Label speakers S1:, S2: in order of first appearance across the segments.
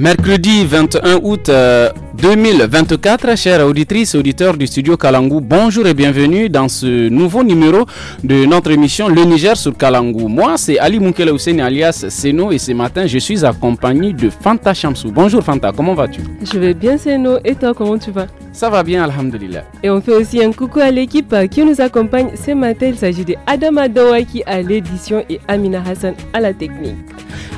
S1: Mercredi 21 août, euh, 2024. Chères auditrices, auditeurs du studio Kalangou, bonjour et bienvenue dans ce nouveau numéro de notre émission Le Niger sur Kalangou. Moi, c'est Ali Moukele Houssen alias Seno et ce matin, je suis accompagné de Fanta Chamsou. Bonjour Fanta,
S2: comment vas-tu Je vais bien Seno et toi, comment tu vas Ça va bien, Alhamdulillah. Et on fait aussi un coucou à l'équipe qui nous accompagne ce matin. Il s'agit de Adama Dawaki à l'édition et Amina Hassan à la technique.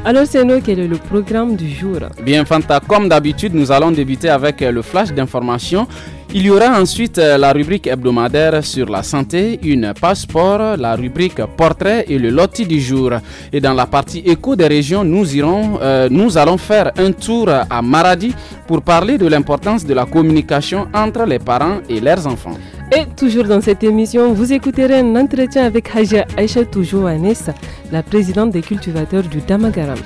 S2: Alors Seno, quel est le programme du jour
S1: Bien Fanta, comme d'habitude, nous allons débuter avec avec euh, le flash d'information. Il y aura ensuite euh, la rubrique hebdomadaire sur la santé, une passeport, la rubrique portrait et le loti du jour. Et dans la partie écho des régions, nous irons, euh, nous allons faire un tour à Maradi pour parler de l'importance de la communication entre les parents et leurs enfants.
S2: Et toujours dans cette émission, vous écouterez un entretien avec Haja Aïcha Anessa, la présidente des cultivateurs du Damagaram.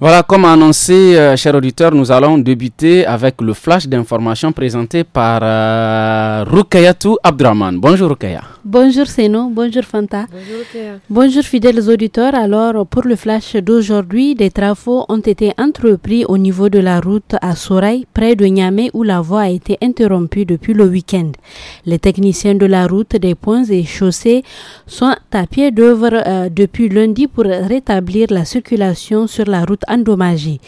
S1: Voilà, comme annoncé, euh, chers auditeurs, nous allons débuter avec le flash d'informations présenté par euh, Rukayatou Abdraman. Bonjour Rukaya.
S3: Bonjour Seno, bonjour Fanta. Bonjour fidèles auditeurs. Alors pour le flash d'aujourd'hui, des travaux ont été entrepris au niveau de la route à Sorail, près de Niamey où la voie a été interrompue depuis le week-end. Les techniciens de la route des ponts et chaussées sont à pied d'œuvre euh, depuis lundi pour rétablir la circulation sur la route endommagée.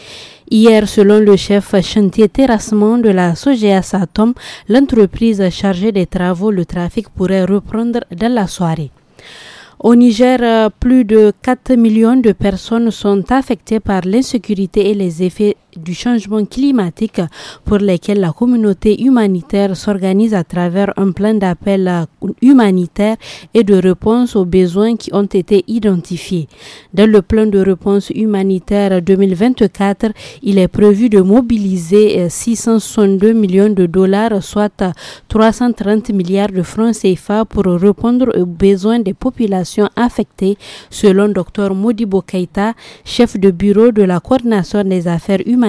S3: Hier, selon le chef chantier terrassement de la SOGEA Satom, l'entreprise chargée des travaux, le trafic pourrait reprendre dans la soirée. Au Niger, euh, plus de 4 millions de personnes sont affectées par l'insécurité et les effets du changement climatique pour lesquels la communauté humanitaire s'organise à travers un plan d'appel euh, humanitaire et de réponse aux besoins qui ont été identifiés. Dans le plan de réponse humanitaire 2024, il est prévu de mobiliser 662 euh, millions de dollars, soit 330 euh, milliards de francs CFA pour répondre aux besoins des populations affectées, selon Dr Modibo Keita, chef de bureau de la coordination des affaires humanitaires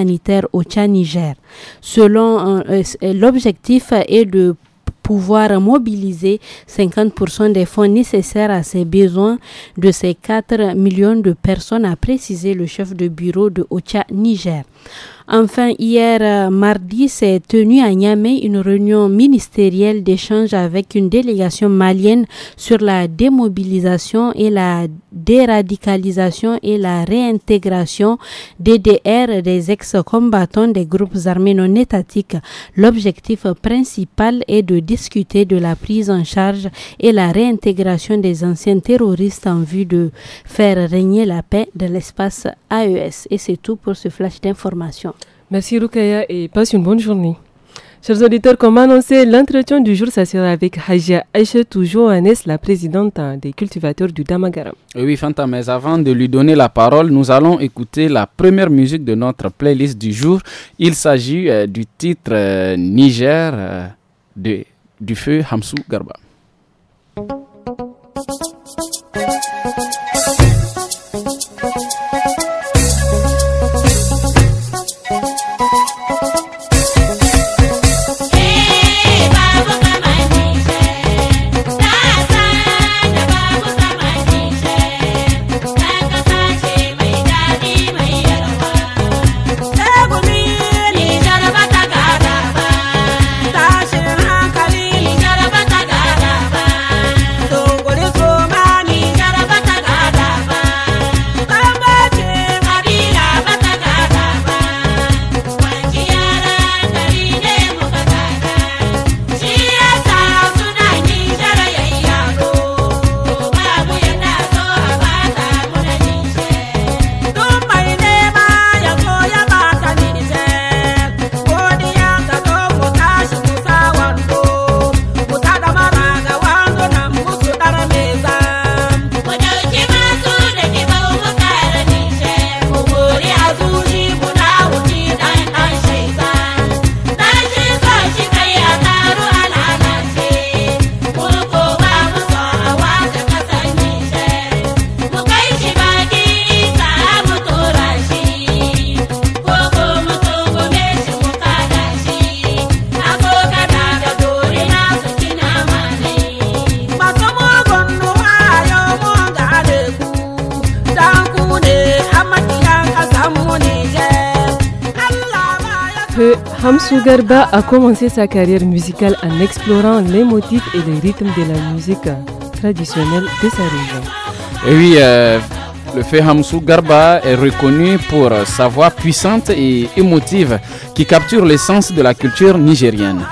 S3: au Tchad-Niger. Selon euh, euh, l'objectif est de pouvoir mobiliser 50% des fonds nécessaires à ces besoins de ces 4 millions de personnes, a précisé le chef de bureau de OCHA Niger. Enfin, hier euh, mardi, s'est tenue à Niamey une réunion ministérielle d'échange avec une délégation malienne sur la démobilisation et la déradicalisation et la réintégration des DDR des ex-combattants des groupes armés non étatiques. L'objectif principal est de discuter de la prise en charge et la réintégration des anciens terroristes en vue de faire régner la paix de l'espace AES. Et c'est tout pour ce flash d'information. Merci Rukaya et passe une bonne journée. Chers auditeurs,
S2: comme annoncé, l'entretien du jour, ça sera avec Hajia toujours Johannes, la présidente hein, des cultivateurs du Damagara.
S1: Oui, Fanta, mais avant de lui donner la parole, nous allons écouter la première musique de notre playlist du jour. Il s'agit euh, du titre euh, Niger euh, de, du feu Hamsou Garba.
S2: feu Hamsou Garba a commencé sa carrière musicale en explorant les motifs et les rythmes de la musique traditionnelle de sa région.
S1: Et oui, euh, le fait Hamsou Garba est reconnu pour sa voix puissante et émotive qui capture l'essence de la culture nigérienne.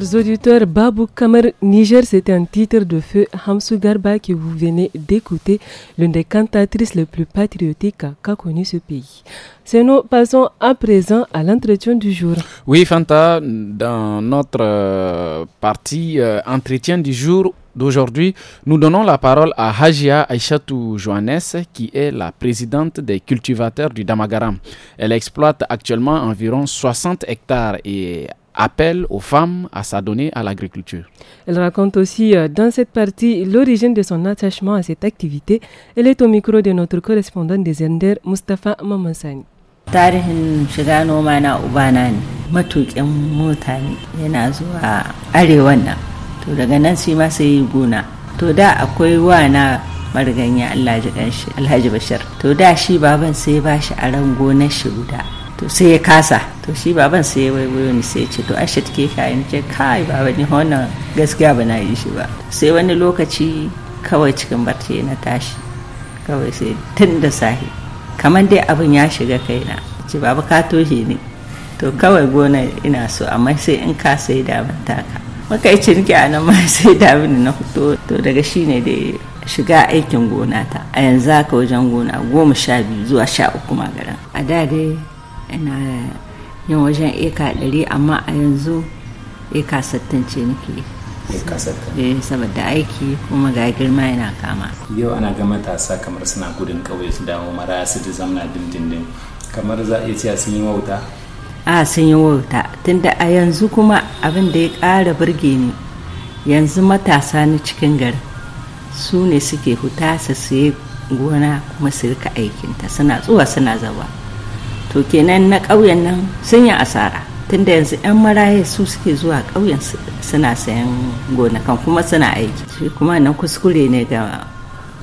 S2: chers auditeurs, Babou Kamer Niger, c'était un titre de feu Hamsou Garba que vous venez d'écouter, l'une des cantatrices les plus patriotiques qu'a connu ce pays. nous passons à présent à l'entretien du jour.
S1: Oui, Fanta, dans notre euh, partie euh, entretien du jour, d'aujourd'hui, nous donnons la parole à Hajia Aishatou Johannes qui est la présidente des cultivateurs du Damagaram. Elle exploite actuellement environ 60 hectares et appelle aux femmes à s'adonner à l'agriculture.
S2: Elle raconte aussi euh, dans cette partie l'origine de son attachement à cette activité. Elle est au micro de notre correspondant des Ender, Mustapha Mamansani. tarihin
S4: shiga noma na ubana ne matuƙin mota ne yana zuwa arewan nan to daga nan sai ma sai gona to da akwai wana mariganya alhaji bashir to da shi baban sai ba shi aron gonar shi guda to sai ya kasa to shi baban sai ya waiwayo ni sai ya ce to ashe take ka ni ce kai baba ni wannan gaskiya ba na yi shi ba sai wani lokaci kawai cikin barci na tashi kawai sai tun da sahi kamar dai abin ya shiga kaina ce baba ka toshe ni to kawai gona ina so amma sai in ka sai da taka muka yi ciniki a nan ma sai da na fito to daga shi ne da shiga aikin gona ta a yanzu haka wajen gona goma sha biyu zuwa sha uku ma a da dai ina yin wajen eka ɗari amma a yanzu eka sattin ce nake eh saboda aiki kuma ga girma yana kama yau ana
S5: ga matasa kamar suna gudun ƙauye su dawo mara su da zamna dindindin kamar za a iya sun yi wauta
S4: a sun yi wauta tunda a yanzu kuma abin da ya ƙara burge ni yanzu matasa na cikin gari su ne suke hutasa su yi gona kuma su rika aikinta suna tsuwa suna zawa to kenan na ƙauyen nan sun yi asara tunda yanzu 'yan maraye su suke zuwa ƙauyen suna sayan gonakan kuma suna aiki shi kuma nan kuskure ne ga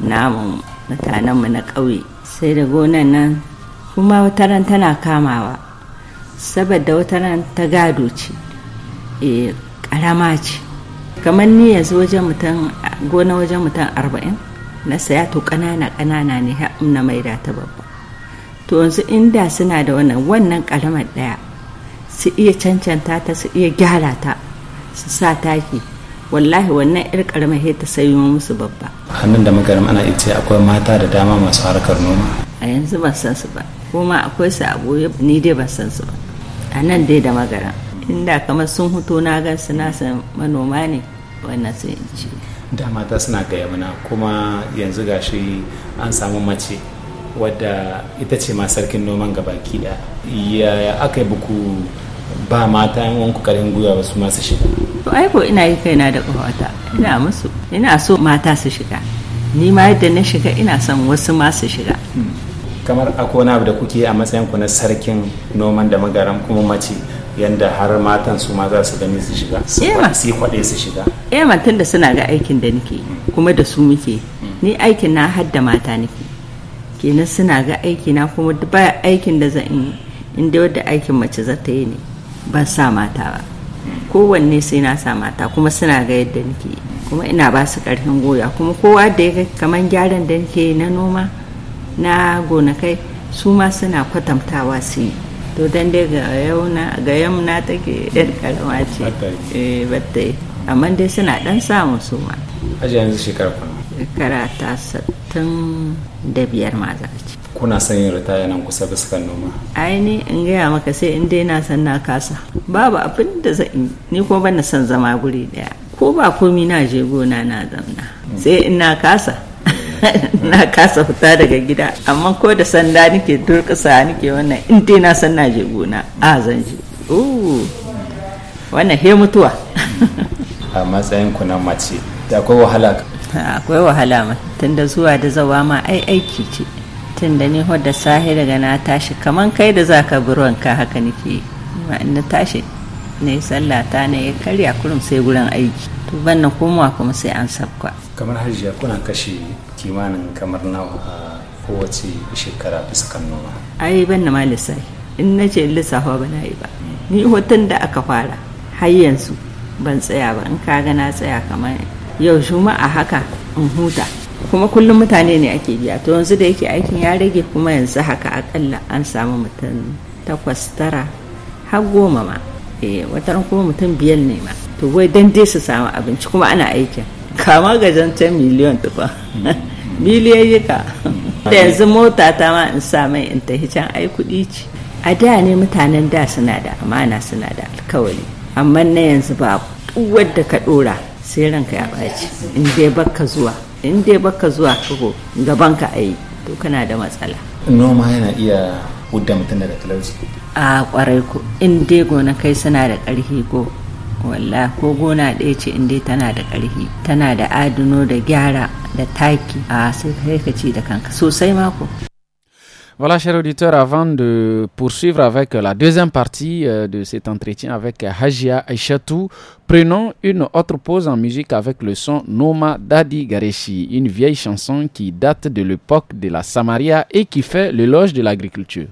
S4: namun mutanenmu na ƙauye sai da gonan nan kuma ran tana kamawa saboda ran ta gado ce e ƙarama ce kamar ni yanzu wajen mutum gona wajen mutum arba'in na saya to ƙanana ƙanana ne na maida ta babba to yanzu inda suna da wannan wannan karamar daya su iya cancanta ta su iya gyara ta su sa taki wallahi wannan yar karamar he ta sayo musu babba
S5: hannun da muka ana ita akwai mata da dama masu harkar noma
S4: a yanzu ban san su ba kuma akwai su a ni dai ban san su ba a nan dai da magaram inda kamar sun huto na gan su na san manoma ne wannan sun ci
S5: da mata suna gaya mana kuma yanzu gashi an samu mace wadda ita ce ma sarkin noman gabaki da ya aka yi buku ba mata yin wanku karin gwiwa ba su masu shiga
S4: to ai ko ina yi kaina da kawata ina musu ina so mata su shiga ni ma yadda na shiga ina son wasu ma su shiga
S5: hmm. kamar akwai wani abu da kuke a matsayin ku na sarkin noman da magaran kuma mace yadda har matan su ma za su gani su shiga su eh, kwaɗe su shiga
S4: eh tun da suna ga aikin da nake kuma da su muke hmm. ni aikin na hadda mata nake kenan suna ga aiki na kuma ba aikin da zan yi inda wadda aikin mace za ta yi ne ba sa mata ba kowanne sai na sa mata kuma suna ga yadda nake kuma ina ba su karfin goya kuma kowa da ya kamar gyaran da nake na noma na gonakai su ma suna kwatamtawa su yi to dan dai ga na ga yamna take yar karama ce eh amma dai suna dan samu su ma
S5: aje yanzu shekara
S4: karata ta sattin da biyar ma za ci.
S5: kuna son yin ritaya nan kusa fuskar noma
S4: aini in gaya maka sai in dai na san na kasa babu abin da zan yi ni ko ban son zama guri daya ko ba komi na je gona na zamna sai in na kasa na kasa fita daga gida amma ko da sanda nake durƙusa nake wannan in dai na san na je gona a zan je wannan he mutuwa a matsayin ku na mace da akwai wahala akwai wahala ma tunda zuwa da zawa ma ai aiki ce tunda ni da sahi daga na tashi kaman kai da za ka buruwanka haka nake ma na tashi na yi sallah ta na ya karya kurum sai gurin aiki to banna komawa kuma sai an sabka kamar
S5: hajiya kuna kashe kimanin kamar nawa a kowace shekara bisa kan noma
S4: ai banna ma lissafi in na ce lissafa ba na yi ba ni hoton da aka fara har yanzu ban tsaya ba in ka ga na tsaya kamar yau juma'a haka in huta kuma kullum mutane ne ake biya to yanzu da yake aikin ya rage kuma yanzu haka akalla an samu mutum takwas tara har goma ma eh wata kuma mutum biyar ne ma to wai dan dai su samu abinci kuma ana aikin kama ga can miliyon tufa ka. da yanzu mota ta ma in sa mai in tafi can ai kuɗi ce a da ne mutanen da suna da amana suna da alkawari amma na yanzu ba wadda ka ɗora sai ranka ya ɓaci in dai baka zuwa in dai baka zuwa kago gabanka a yi to kana da matsala noma yana
S5: iya hudda mutum daga talauci
S4: a kwarai ko in dai gonakai suna da ƙarfi ko walla ko gona ɗaya ce in dai tana da ƙarfi tana da adino da gyara da taki a sai kai ka ci da kanka sosai mako
S1: Voilà, chers auditeurs, avant de poursuivre avec la deuxième partie euh, de cet entretien avec Hajia Aishatou, prenons une autre pause en musique avec le son Noma Dadi Gareshi, une vieille chanson qui date de l'époque de la Samaria et qui fait l'éloge de l'agriculture.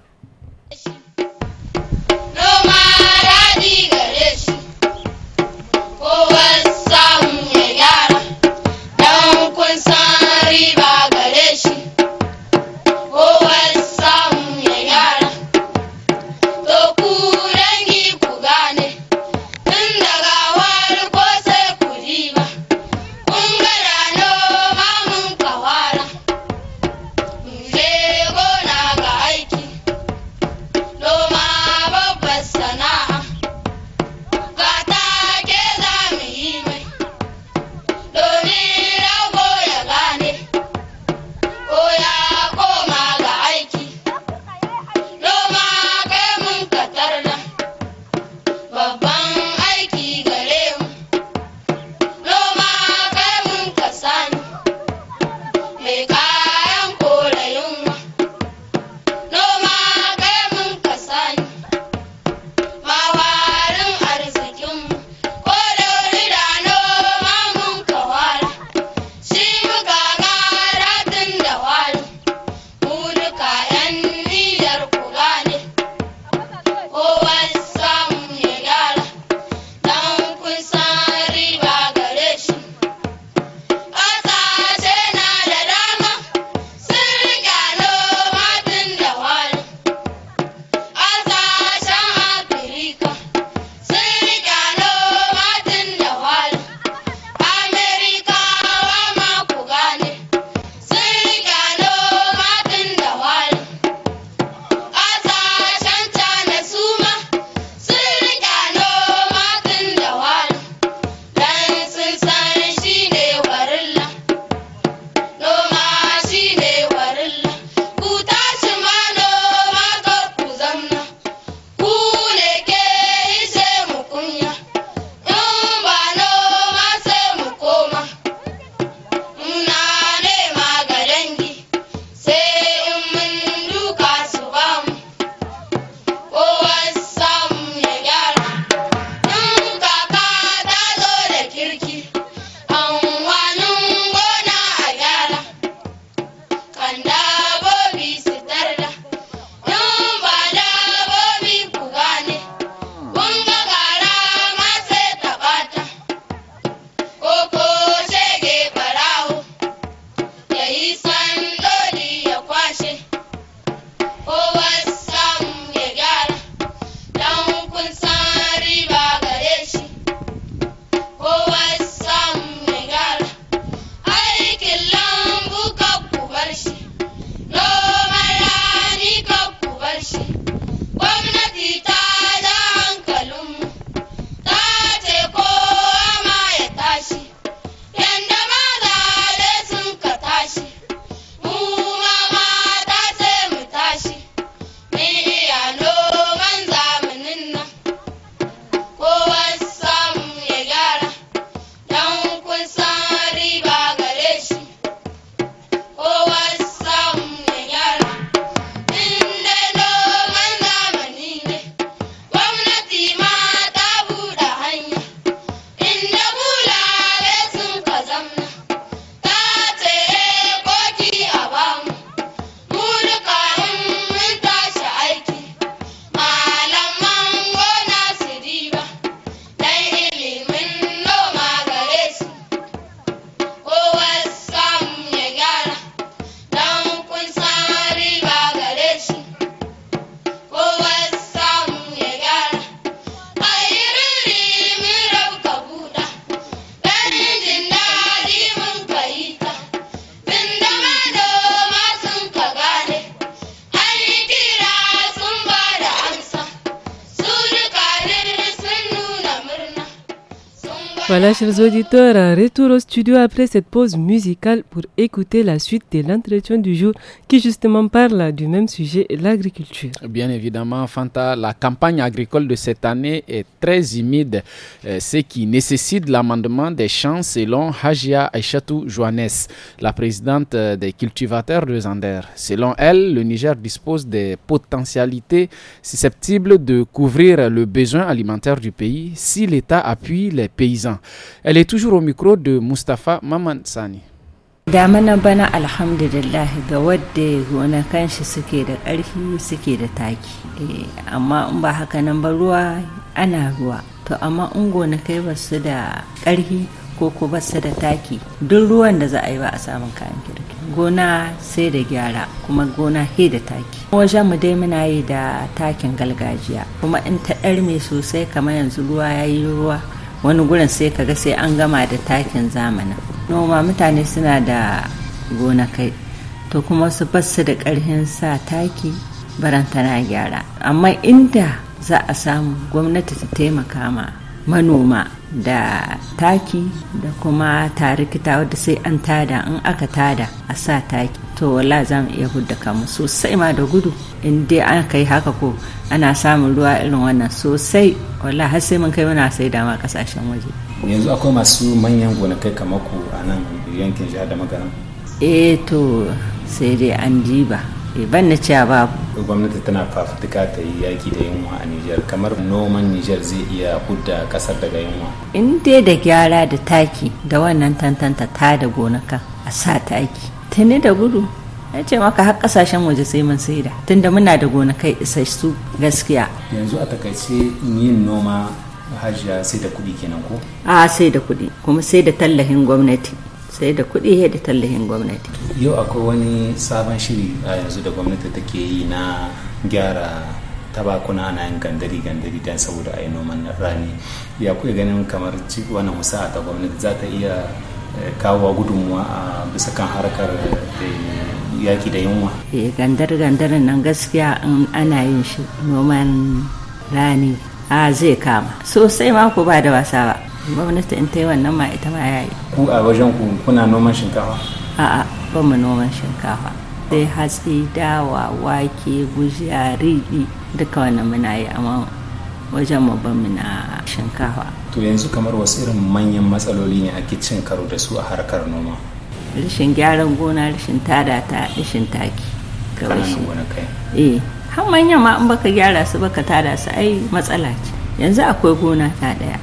S2: chers auditeurs, retour au studio après cette pause musicale pour écouter la suite de l'entretien du jour qui justement parle du même sujet, l'agriculture. Bien évidemment, Fanta,
S1: la campagne agricole de cette année est très humide, euh, ce qui nécessite l'amendement des champs selon Hajia Aishatou Joannes, la présidente euh, des cultivateurs de Zander. Selon elle, le Niger dispose des potentialités susceptibles de couvrir le besoin alimentaire du pays si l'État appuie les paysans. Elle est toujours au micro de Mustapha Maman Sani.
S4: damana bana alhamdulillah ga wadda kan shi suke da ƙarfi suke da taki eh, amma in ba haka nan ba ruwa ana ruwa to amma in gona kai ba su da ƙarfi ko ko ba su da taki duk ruwan da za a yi ba a samun kayan kirki gona sai da gyara kuma gona he da taki wajen mu dai muna yi da takin galgajiya kuma in ta ɗarme sosai kamar yanzu ruwa ya yi ruwa wani gurin sai ka ga sai an gama da takin zamanin noma mutane suna da gonakai to kuma su basu da ƙarfin sa taki barantana gyara amma inda za a samu gwamnati ta taimaka ma manoma da taki da kuma tarikita wadda sai an tada in aka tada a sa taki to wala za mu iya hudda kamu sosai ma da gudu in dai an kai haka ko ana samun ruwa irin wannan sosai wala har sai mun kai muna sai dama kasashen waje yanzu akwai
S5: masu manyan gonakai kamar ku a nan yankin jihar da magana
S4: eh to sai dai an diba Eh, ban na cewa babu
S5: gwamnati tana fafutuka ta yi yaki da yunwa a Nijar kamar noman Nijar zai iya hudda kasar daga yunwa
S4: in dai da gyara da taki da wannan tantanta ta da gonaka a sa taki tuni da gudu na ce maka har kasashen waje sai mun saida tunda muna da gonakai isassu gaskiya
S5: yanzu a takaice yin noma hajiya sai da kuɗi kenan ko
S4: a sai da kuɗi kuma sai da tallafin gwamnati sai da kuɗi da tallahin gwamnati
S5: yau akwai wani sabon shiri a yanzu da gwamnati take yi na gyara tabakuna ana yin gandari gandari don saboda ayi yi noman rani ya kuwa ganin kamar wannan musa'a ta gwamnati za ta iya eh, kawo gudunmuwa a bisa kan harkar eh, yaki da yunwa
S4: eh gandar gandar nan gaskiya in ana yin shi noman rani a ah, zai kama sosai ma ku ba da wasa ba gwamnati in ta yi wannan ma ita ma ya yi ku a wajen
S5: ku kuna noman shinkafa
S4: a'a ba mu noman shinkafa sai hatsi dawa wake gujiya riɗi duka wannan muna yi amma wajen mu ba mu na shinkafa
S5: to yanzu kamar wasu irin manyan matsaloli ne ake cin karo da su a harkar noma
S4: rashin gyaran gona rashin tada ta rashin taki kawai shi eh har manyan ma in baka gyara su baka tada su ai matsala ce yanzu akwai gona ta daya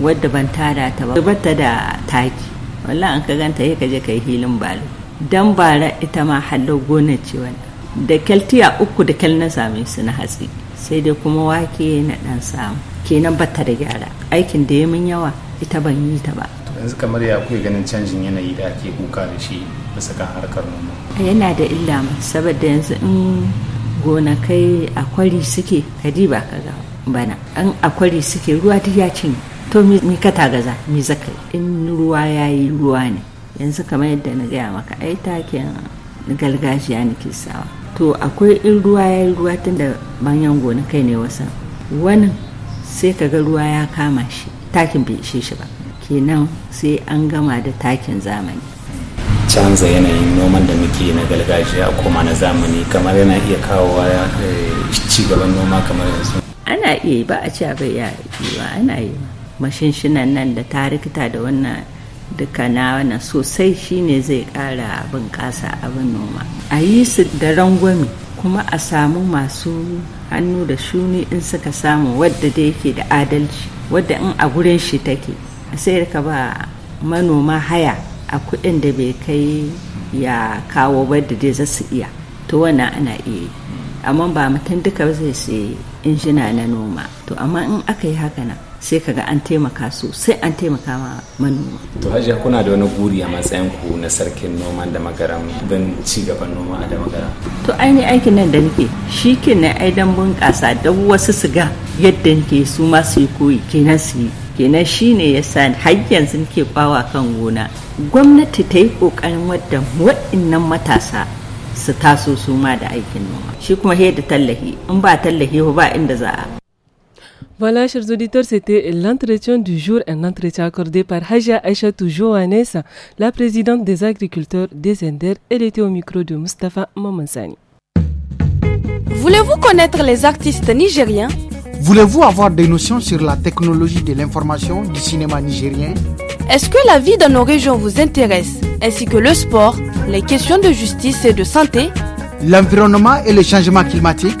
S4: wadda ban tara ta ba ta da taki wallah an ka ganta ya ka kai hilin balo dan bara ita ma hallo gona ce wannan da keltiya uku da kel na same su na hatsi sai dai kuma wake na dan samu kenan bata da gyara aikin da ya min yawa ita ban yi ta ba
S5: yanzu kamar ya kuke ganin canjin yanayi da ake kuka da shi da sakan harkar noma
S4: yana da illa saboda yanzu in gonakai akwari suke kadi ba ka ga bana an akwari suke ruwa duk ya cinye to mi ka tagaza mi zaka in ruwa ya yi ruwa ne yanzu kamar yadda na gaya maka ai taken gargajiya nake sawa to akwai in ruwa ya yi ruwa tun da banyan gona kai ne wasan wani sai ka ga ruwa ya kama shi takin bai ishe shi ba kenan sai an gama da takin zamani
S5: canza yanayin noman da muke na gargajiya koma na zamani kamar yana iya waya eh, ci gaban noma kamar yanzu
S4: ana iya ba a ci a bai ya ana yi mashinshinan nan da tarikta da wannan duka na wannan sosai shine zai ƙara bunƙasa abin noma a yi su da rangwami, kuma a samu masu hannu da shuni in suka samu wadda da yake da adalci wadda in a gurin shi take sai ka ba manoma haya a kuɗin da bai kai ya kawo wadda dai za su iya to wannan ana iya amma ba mutum duka zai sai injina na noma to amma in aka yi haka nan sai kaga an taimaka su sai an taimaka ma
S5: manoma to hajiya kuna da wani guri a matsayin ku na sarkin noma da magaram don ci gaban
S4: noma da magaram to aini aikin nan da nake shi kenan ai bunƙasa da wasu siga yadda nake su ma su yi koyi kenan su yi kenan ya yasa har yanzu nake kwawa kan gona gwamnati ta yi kokarin wadda waɗannan matasa su taso su ma da aikin noma shi kuma da tallahi in ba tallahi ba inda za a
S2: Voilà, chers auditeurs, c'était l'entretien du jour, un entretien accordé par Haja Aïchatou Johannes, la présidente des agriculteurs des Ender. Elle était au micro de Mustapha Momansani. Voulez-vous connaître les artistes nigériens
S6: Voulez-vous avoir des notions sur la technologie de l'information du cinéma nigérien
S7: Est-ce que la vie dans nos régions vous intéresse, ainsi que le sport, les questions de justice et de santé
S8: L'environnement et le changement climatique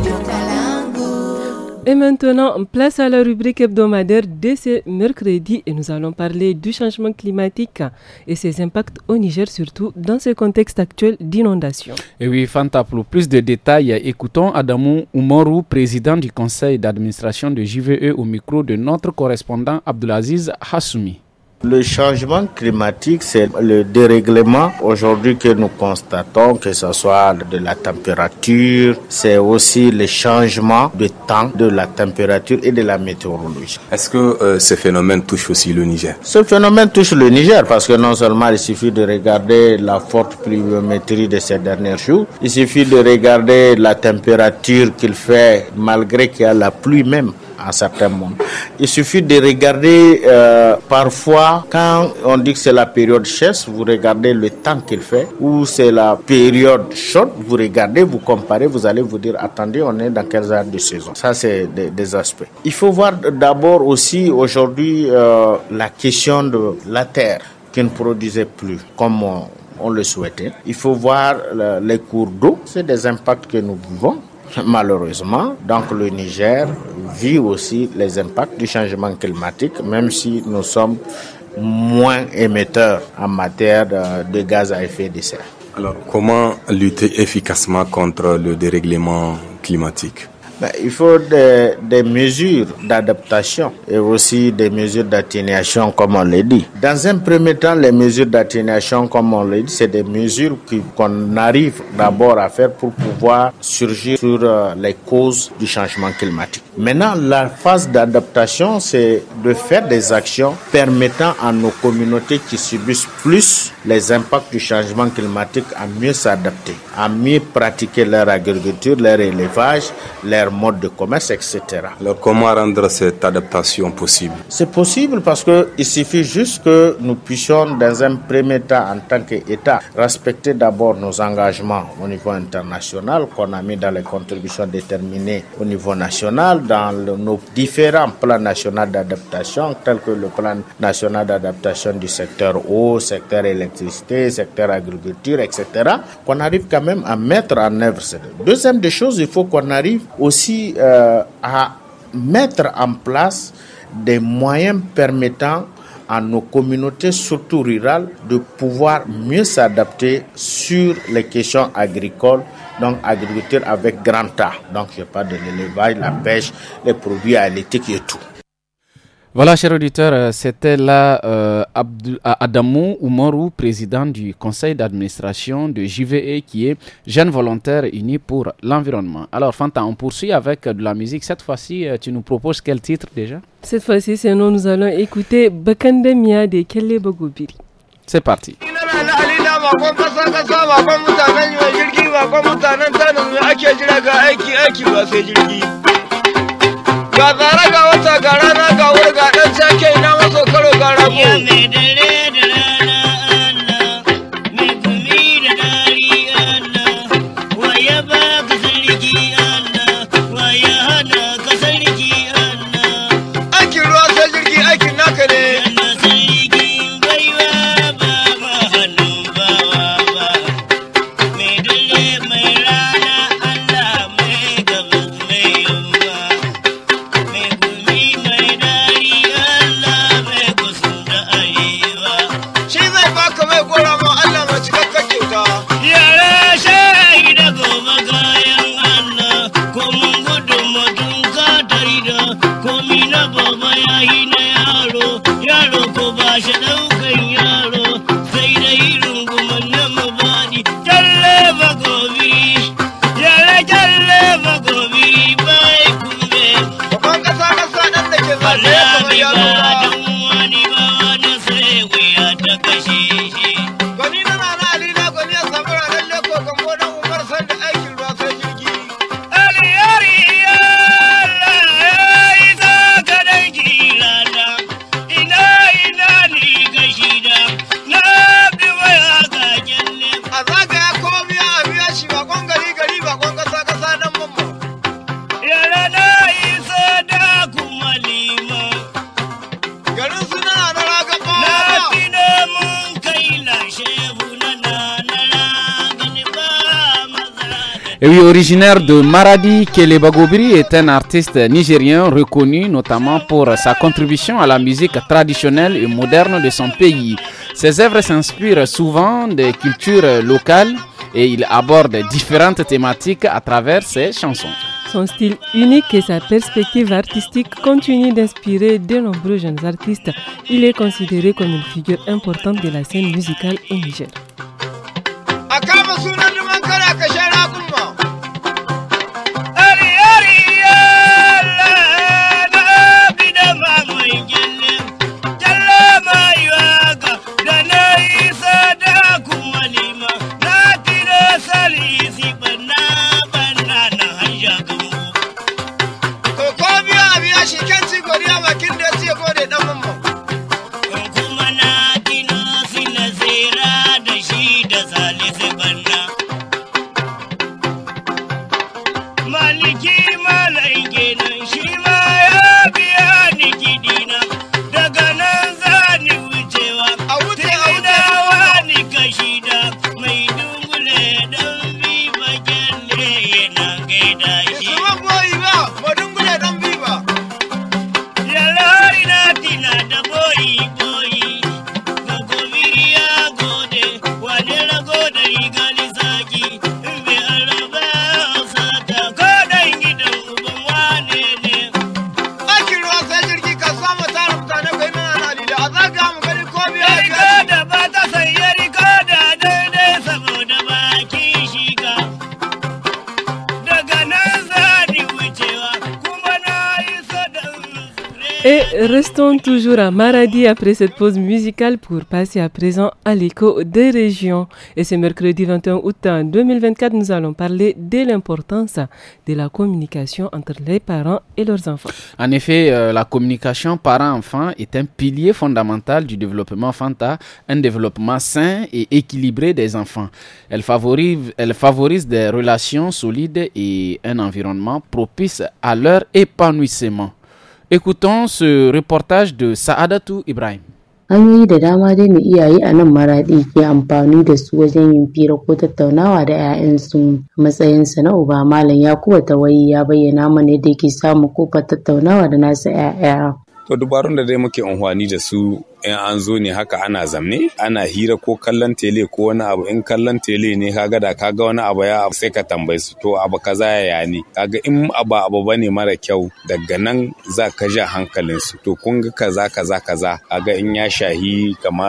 S2: Et maintenant, place à la rubrique hebdomadaire de ce mercredi et nous allons parler du changement climatique et ses impacts au Niger, surtout dans ce contexte actuel d'inondation.
S1: Et oui, Fanta, pour plus de détails, écoutons Adamou Oumarou, président du conseil d'administration de JVE au micro de notre correspondant Abdelaziz Hassoumi.
S6: Le changement climatique, c'est le dérèglement aujourd'hui que nous constatons, que ce soit de la température, c'est aussi le changement de temps, de la température et de la météorologie. Est-ce que euh, ce phénomène touche aussi le Niger Ce phénomène touche le Niger parce que non seulement il suffit de regarder la forte pluviométrie de ces derniers jours, il suffit de regarder la température qu'il fait malgré qu'il y a la pluie même certains mondes. Il suffit de regarder euh, parfois quand on dit que c'est la période chasse, vous regardez le temps qu'il fait, ou c'est la période chaude, vous regardez, vous comparez, vous allez vous dire attendez, on est dans quelle heures de saison. Ça c'est des, aspects. Il faut voir d'abord aussi aujourd'hui euh, la question de la terre qui ne produisait plus comme on, le souhaitait. Il faut voir euh, les cours d'eau, c'est des impacts que nous vivons Malheureusement, donc le Niger vit aussi les impacts du changement climatique, même si nous sommes moins émetteurs en matière de, de gaz à effet de serre. Alors, comment
S9: lutter efficacement contre le dérèglement climatique
S6: il faut des, mesures d'adaptation et aussi des mesures d'atténuation, comme on l'a dit. Dans un premier temps, les mesures d'atténuation, comme on l'a dit, c'est des mesures qu'on arrive d'abord à faire pour pouvoir surgir sur euh, les causes du changement climatique. Maintenant, la phase d'adaptation, c'est de faire des actions permettant à nos communautés qui subissent plus les impacts du changement climatique à mieux s'adapter, à mieux pratiquer leur agriculture, leur élevage, leur mode de commerce, etc. Alors comment rendre cette adaptation possible C'est possible parce qu'il suffit juste que nous puissions, dans un premier temps, en tant qu'État, respecter d'abord nos engagements au niveau international qu'on a mis dans les contributions déterminées au niveau national, dans nos différents plans nationaux d'adaptation, tels que le plan national d'adaptation du secteur eau, secteur électricité, secteur agriculture, etc., qu'on arrive quand même à mettre en œuvre. Deuxième des choses, il faut qu'on arrive aussi aussi euh, à mettre en place des moyens permettant à nos communautés, surtout rurales, de pouvoir mieux s'adapter sur les questions agricoles, donc agriculture avec grand A. Donc je parle de l'élevage, la pêche, les produits halieutiques et tout.
S1: Voilà, chers auditeurs, c'était là euh, Adamou Oumarou, président du conseil d'administration de JVE, qui est Jeune Volontaire Unie pour l'Environnement. Alors, Fanta, on poursuit avec de la musique. Cette fois-ci, tu nous proposes quel titre déjà
S2: Cette fois-ci, c'est nous, allons écouter Bakandemia de Kelle C'est parti.
S10: ga tsara ga wata gara na ga wurga dan sake na maso karo ga
S1: originaire de Maradi, Kele est un artiste nigérien reconnu notamment pour sa contribution à la musique traditionnelle et moderne de son pays. Ses œuvres s'inspirent souvent des cultures locales et il aborde différentes thématiques à travers ses chansons.
S2: Son style unique et sa perspective artistique continuent d'inspirer de nombreux jeunes artistes. Il est considéré comme une figure importante de la scène musicale au Niger. Maradi après cette pause musicale pour passer à présent à l'écho des régions. Et ce mercredi 21 août 2024, nous allons parler de l'importance de la communication entre les parents et leurs enfants.
S1: En effet, euh, la communication parent-enfant est un pilier fondamental du développement Fanta, un développement sain et équilibré des enfants. Elle favorise, elle favorise des relations solides et un environnement propice à leur épanouissement. Écoutons ce reportage de Saadatou Ibrahim.
S11: hanyoyi da dama dai na iyaye a nan maraɗi ke amfani da su wajen yin fira ko tattaunawa da 'ya'yansu matsayinsa na uba malam yakuba tawayi ya bayyana mana yadda yake samu kofar tattaunawa da nasa 'ya'ya
S5: to dubarun da dai muke amfani da su in an zo ne haka ana zamne ana hira ko kallon tele ko wani abu in kallon tele ne kaga da kaga wani abu ya sai ka tambayi su to abu kaza ya ne kaga in abu abu bane mara kyau daga nan za ka ja hankalin su to kun ga kaza kaza kaza kaga in ya shahi kama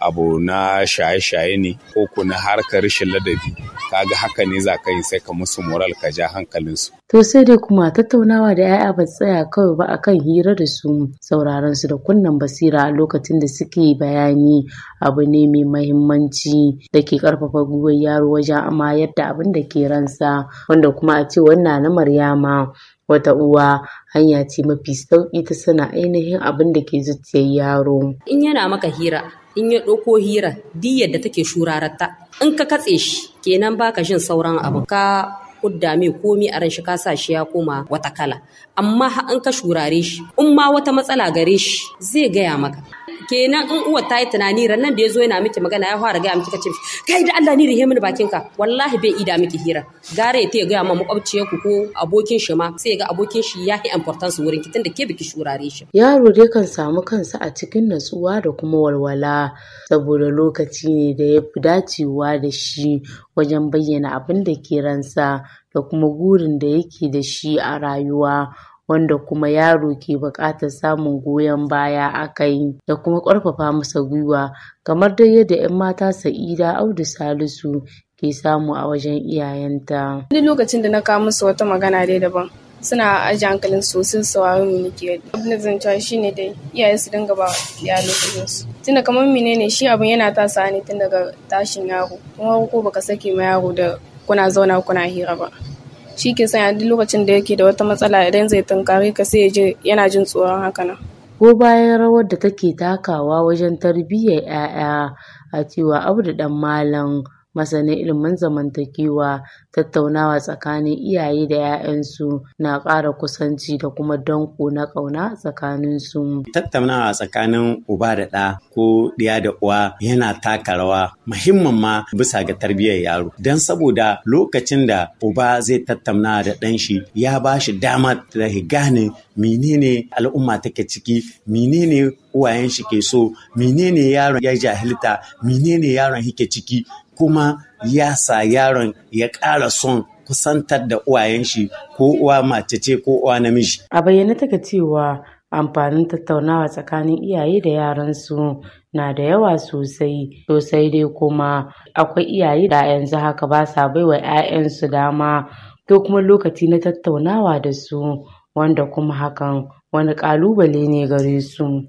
S5: abu na shaye shaye ne ko kuna harkar rashin ladabi kaga haka ne za ka yi sai ka musu moral ka ja hankalin su
S11: to sai dai kuma tattaunawa da 'ya'ya ba tsaya kawai ba akan hira da su sauraron su da kunnen basira a lokacin lokacin da suke bayani abu ne mai mahimmanci da ke karfafa gwiwar yaro wajen amma yadda abin da ke ransa wanda kuma a ce wannan na maryama wata uwa hanya ce mafi sauƙi ta sana ainihin abin da ke zuciyar yaro.
S3: In yana maka hira, in ya ɗauko hira, di yadda take shurararta, in ka katse shi, kenan baka jin sauran abu ka kudda mai komi a ran shi ka sa shi ya koma wata kala amma in ka shurare shi in ma wata matsala gare shi zai gaya maka kenan in uwar ta yi tunani rannan da ya zo yana miki magana ya fara gaya miki kace kai da Allah ni rihe mini bakin ka wallahi bai ida miki hira gare ta ya gaya ma makwabciyar ku ko abokin shi ma sai ga abokin shi ya yi importance wurin ki tunda ke biki shurare shi
S11: yaro dai kan samu kansa a cikin natsuwa da kuma walwala saboda lokaci ne da ya fi dacewa da shi wajen bayyana abin da ke ransa da kuma gurin da yake da shi a rayuwa wanda kuma yaro ke buƙatar samun goyon baya a kai da kuma ƙarfafa masa gwiwa kamar dai yadda 'yan mata Sa'ida Audu Salisu ke samu a wajen iyayenta. Wani lokacin da na kawo musu wata magana dai daban suna aji hankalin su sauraro ni nake abin da zan cewa ne dai iyaye su dinga ba ya lokacin su tunda kamar menene shi abin yana tasa ne tun daga tashin yaro kuma ko baka sake ma yaro da kuna zauna kuna hira ba shi ke sanya duk lokacin da yake da wata matsala idan zai tunkare ka sai je yana jin tsoron haka nan ko bayan rawar da take takawa wajen tarbiyyar 'ya'ya a cewa abu da dan malam masanin ilimin zamantakewa tattaunawa tsakanin iyaye da 'ya'yansu na ƙara kusanci da kuma danko na ƙauna tsakanin su
S5: tattaunawa tsakanin uba da ɗa ko ɗiya da uwa yana taka rawa muhimman ma bisa ga tarbiyyar yaro don saboda lokacin da uba zai tattauna da ɗan shi ya ba shi dama da gane menene al'umma take ciki menene uwayen shi ke so menene yaron ya jahilta menene yaron yake ciki kuma ya sa yaron ya ƙara son kusantar da uwayen shi ko uwa mace ce ko uwa namiji.
S11: A ta taka cewa amfanin tattaunawa tsakanin iyaye da yaran su na da yawa sosai sosai dai kuma akwai iyaye da yanzu haka ba sa baiwa 'ya'yansu dama ko kuma lokaci na tattaunawa da su wanda kuma hakan wani kalubale ne gare su.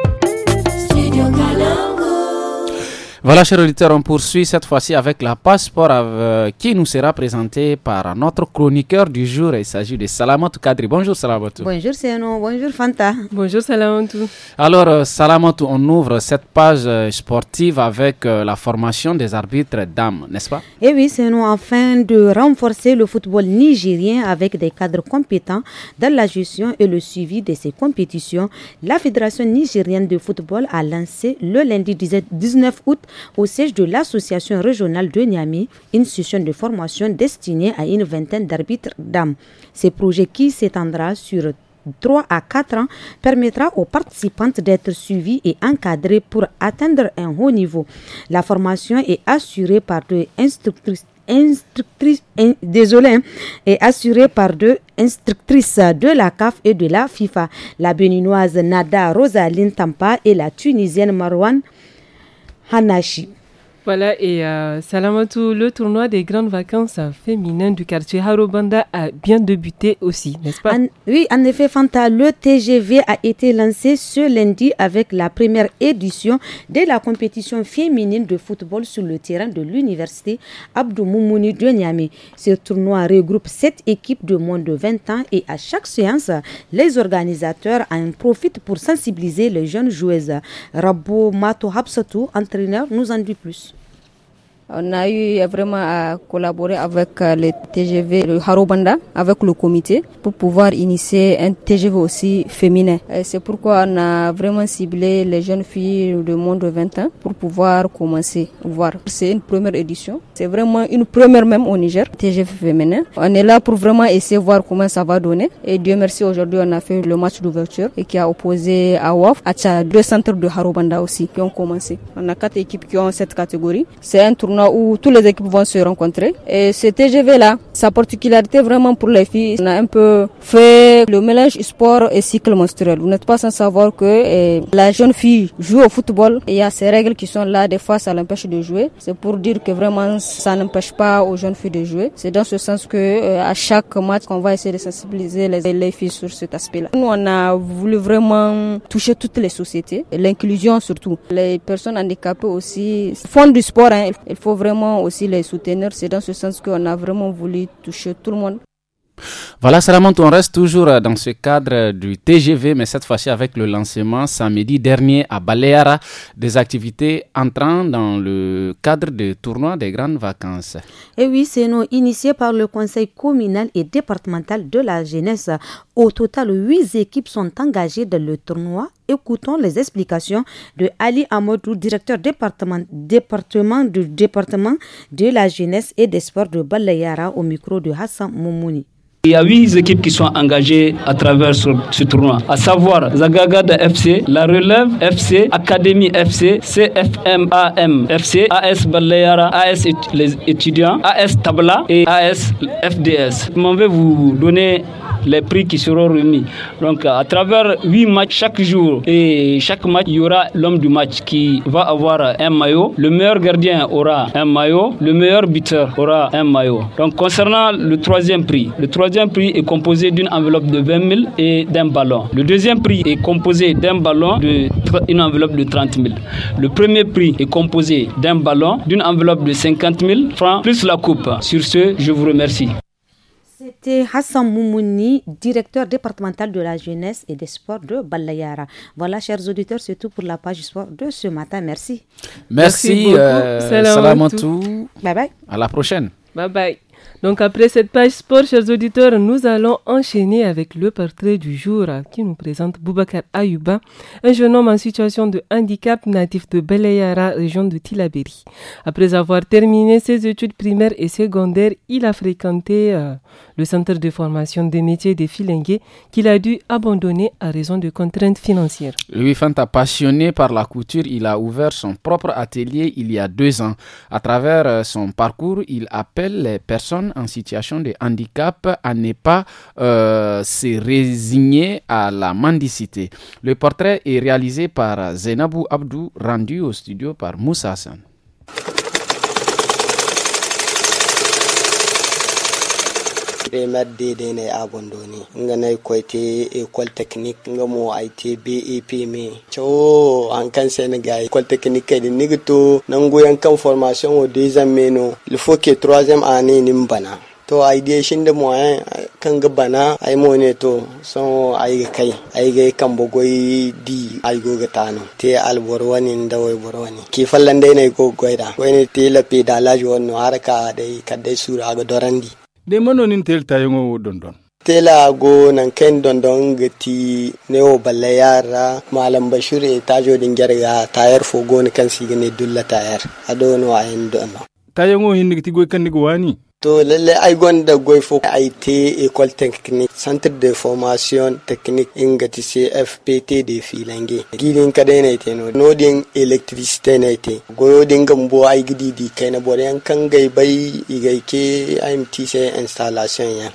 S1: Voilà, chers auditeurs, on poursuit cette fois-ci avec la passeport euh, qui nous sera présentée par notre chroniqueur du jour. Il s'agit de Salamatu Kadri. Bonjour Salamatu.
S12: Bonjour nous. bonjour Fanta. Bonjour Salamatu.
S1: Alors euh, Salamatu, on ouvre cette page euh, sportive avec la formation des arbitres dames, n'est-ce pas
S12: Eh oui c'est nous afin de renforcer le football nigérien avec des cadres compétents dans la gestion et le suivi de ces compétitions, la Fédération nigérienne de football a lancé le lundi 19 août au siège de l'Association régionale de Niamey, une session de formation destinée à une vingtaine d'arbitres d'âme. Ce projet qui s'étendra sur 3 à 4 ans permettra aux participantes d'être suivies et encadrées pour atteindre un haut niveau. La formation est assurée par deux instructrices hein, assurée par deux instructrices de la CAF et de la FIFA, la béninoise Nada Rosaline Tampa et la tunisienne Marwan Hanashi
S2: voilà, et euh, à tous. le tournoi des grandes vacances féminines du quartier Harobanda a bien débuté aussi, n'est-ce pas
S12: Oui, en effet, Fanta, le TGV a été lancé ce lundi avec la première édition de la compétition féminine de football sur le terrain de l'université Abdou Moumouni de Niamey. Ce tournoi regroupe sept équipes de moins de 20 ans et à chaque séance, les organisateurs en profitent pour sensibiliser les jeunes joueuses. Rabo Mato Hapsatou, entraîneur, nous en dit plus.
S13: On a eu euh, vraiment à collaborer avec euh, le TGV, le Harobanda, avec le comité, pour pouvoir initier un TGV aussi féminin. C'est pourquoi on a vraiment ciblé les jeunes filles de moins de 20 ans pour pouvoir commencer, voir. C'est une première édition. C'est vraiment une première même au Niger, TGV féminin. On est là pour vraiment essayer de voir comment ça va donner. Et Dieu merci, aujourd'hui, on a fait le match d'ouverture et qui a opposé à WAF, à deux centres de Harobanda aussi qui ont commencé. On a quatre équipes qui ont cette catégorie. C'est un tournoi où toutes les équipes vont se rencontrer. Et ce TGV-là, sa particularité vraiment pour les filles, on a un peu fait le mélange sport et cycle menstruel. Vous n'êtes pas sans savoir que eh, la jeune fille joue au football et il y a ces règles qui sont là. Des fois, ça l'empêche de jouer. C'est pour dire que vraiment, ça n'empêche pas aux jeunes filles de jouer. C'est dans ce sens que eh, à chaque match, qu'on va essayer de sensibiliser les, les filles sur cet aspect-là. Nous, on a voulu vraiment toucher toutes les sociétés, l'inclusion surtout. Les personnes handicapées aussi font du sport. Hein. Il faut vraiment aussi les soutenir. C'est dans ce sens qu'on a vraiment voulu toucher tout le monde.
S1: Voilà, Salamante, on reste toujours dans ce cadre du TGV, mais cette fois-ci avec le lancement samedi dernier à Baleara des activités entrant dans le cadre du tournoi des grandes vacances.
S12: Et oui, c'est nous, initié par le conseil communal et départemental de la jeunesse. Au total, huit équipes sont engagées dans le tournoi écoutons les explications de Ali Amadou, directeur département, du département de la jeunesse et des sports de Balayara au micro de Hassan Moumouni.
S14: Il y a huit équipes qui sont engagées à travers ce, tournoi, à savoir Zagagada FC, La Relève FC, Académie FC, CFMAM FC, AS Balayara, AS les étudiants, AS Tabla et AS FDS. Je vais vous donner les prix qui seront remis. Donc à travers huit matchs chaque jour et chaque match, il y aura l'homme du match qui va avoir un maillot. Le meilleur gardien aura un maillot. Le meilleur buteur aura un maillot. Donc concernant le troisième prix, le troisième deuxième prix est composé d'une enveloppe de 20 000 et d'un ballon. Le deuxième prix est composé d'un ballon, d'une enveloppe de 30 000. Le premier prix est composé d'un ballon, d'une enveloppe de 50 000 francs, plus la coupe. Sur ce, je vous remercie.
S12: C'était Hassan Moumouni, directeur départemental de la jeunesse et des sports de Balayara. Voilà, chers auditeurs, c'est tout pour la page sport de ce matin. Merci. Merci, Merci
S1: euh, Salam Bye bye. À la prochaine.
S2: Bye bye. Donc après cette page sport, chers auditeurs, nous allons enchaîner avec le portrait du jour qui nous présente Boubacar Ayuba, un jeune homme en situation de handicap natif de Belayara, région de Tilaberi. Après avoir terminé ses études primaires et secondaires, il a fréquenté euh, le centre de formation des métiers des filingués qu'il a dû abandonner à raison de contraintes financières.
S11: Louis
S1: Fanta, passionné par la couture, il a ouvert son propre atelier il y a deux ans. À travers euh, son parcours, il appelle les personnes en situation de handicap à ne pas euh, se résigner à la mendicité. Le portrait est réalisé par Zenabou Abdou, rendu au studio par Moussa Hassan.
S8: te madde de ne a gondoni nga nay koy te école technique nga mo ay te BEP me cho an kan Sénégal école technique kay ni to. nangu yan kan formation o deux ans meno il faut que troisième année nim bana to ay dai shin da moye kan ga bana ai mo ne to son ai ga kai ai ga kan bogoi di ai go ga tano te albor wani da wai bor ki fallan dai ne go goida wani ne te lape da laji ka haraka dai kadai sura ga dorandi de manonin tel tayongo don don tela go nan ken dondon gati neo balayara malam bashir e tajo din gerga tayar fo go kan sigine dulla tayar ado no ayen do no tayongo hin nigti go kan ni wani To lalle ai gwanda goifo IT ecole Technique Centre de Formation Technique ingati CFPT de Filange. Gidin ka dai na no nodin electricity na ite. Goyo din gambo ai gidi di kai na bore yan kan gai bai igai ke IMT sai installation ya.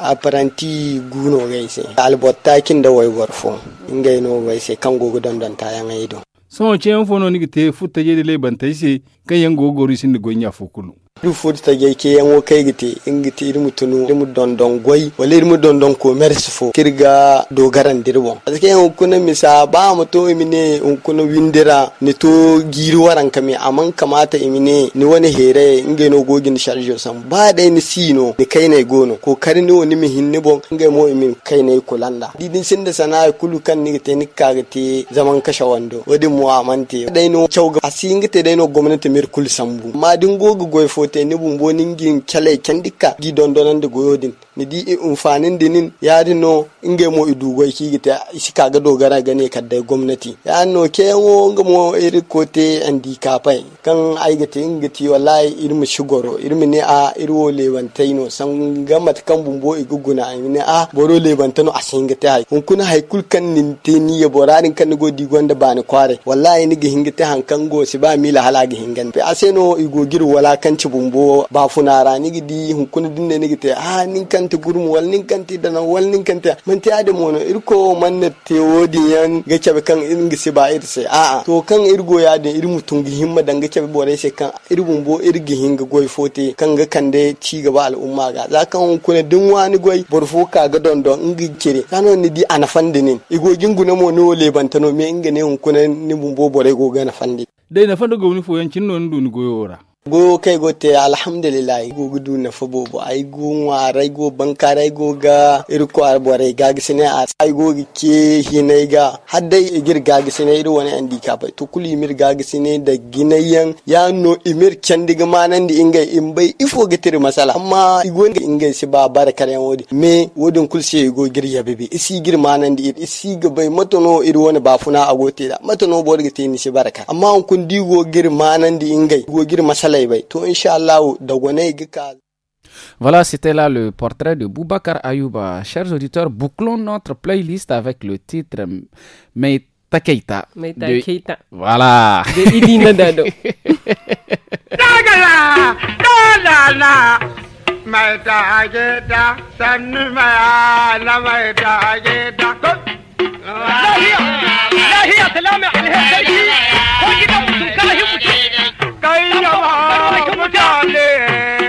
S8: guno gai sai. Albotta kin da wai warfo. Ingai no gai sai kan gogo dandan ta yan aido.
S9: Sawo ce yan fono ni te futta je de le bantai sai kan yan gogo risin da gonya fukulu.
S8: du foti ta gay ke yan kay gite ingite iri mutunu tunu irmu dondon goy wala irmu dondon commerce fo kirga do dogaran dirbo azke yan kuna misa ba mu to imine un kuna windira ne to giri waran kame aman kamata imine ni wani here inge no gogin sharjo san ba dai ni sino ni kai ne gono ko kar ni woni mi hinne bon inge mo imin kai ne kulanda didin sin da sana e kulu kan ni te ni ka gite zaman kasha wando wadi mu amante dai no chawga asingite dai no gomnati mir kul sambu ma din gogo goy fo wote ni bumbo ningin kele kendika gi dondonande goyodin ni di umfanin dinin ya di no inge mo idugoi ki ta isi ga dogara gane da gwamnati ya no ke wo inga mo iri kote andi kapai kan aigati ti wallahi irmi shigoro irmi ne a irwo lewantai no san gamat kan bumbo iguguna ne a boro a no asin gata hai kun kuna hai kul kan nin te ni ya borarin kan go di gonda ba ni kware wallahi ni gi han kan go si ba mila hala ga hingan pe aseno igogir wala kan ci bumbo ba funara ni gi di hun kuna dinne ni gi te a ah, nin kan kanti gurum walnin kanti dana walnin man manti adam wono irko man na te wodi yan ga cabe kan irin gisi ba ir sai a a to kan irgo ya da irin mutum gi himma dan ga cabe bore sai kan irgun bo irgi hinga goy fote kan ga kan da ci gaba al'umma ga za kan kuna din wani goy borfo ka ga don don ingi kire kano ni di ana fandinin igo ginguna mo no lebantano me inga ne hun kuna ni bumbo bore go ga na fandi dai na fandi go ni fo yancin non dun ni goyora go kai go te alhamdulillah go gudu na fobo bo ai go warai go rai go ga irko rai ga gisne a ai go ke hinai ga haddai igir ga gisne iru wani andi ka bai to kuli mir ga gisne da ginayen ya no imir can diga manan di inga in bai ifo gitir masala amma igo inga si ba baraka yan wodi me wodin kulse go ya bebe isi gir manan di isi ga bai matono iru wani ba funa agote da matono bo ga te ni si baraka. amma kun go gir manan di inga go gir masala
S1: Voilà, c'était là le portrait de Boubacar Ayouba. Chers auditeurs, bouclons notre playlist avec le titre Mais Keita.
S2: Voilà.
S15: Is going to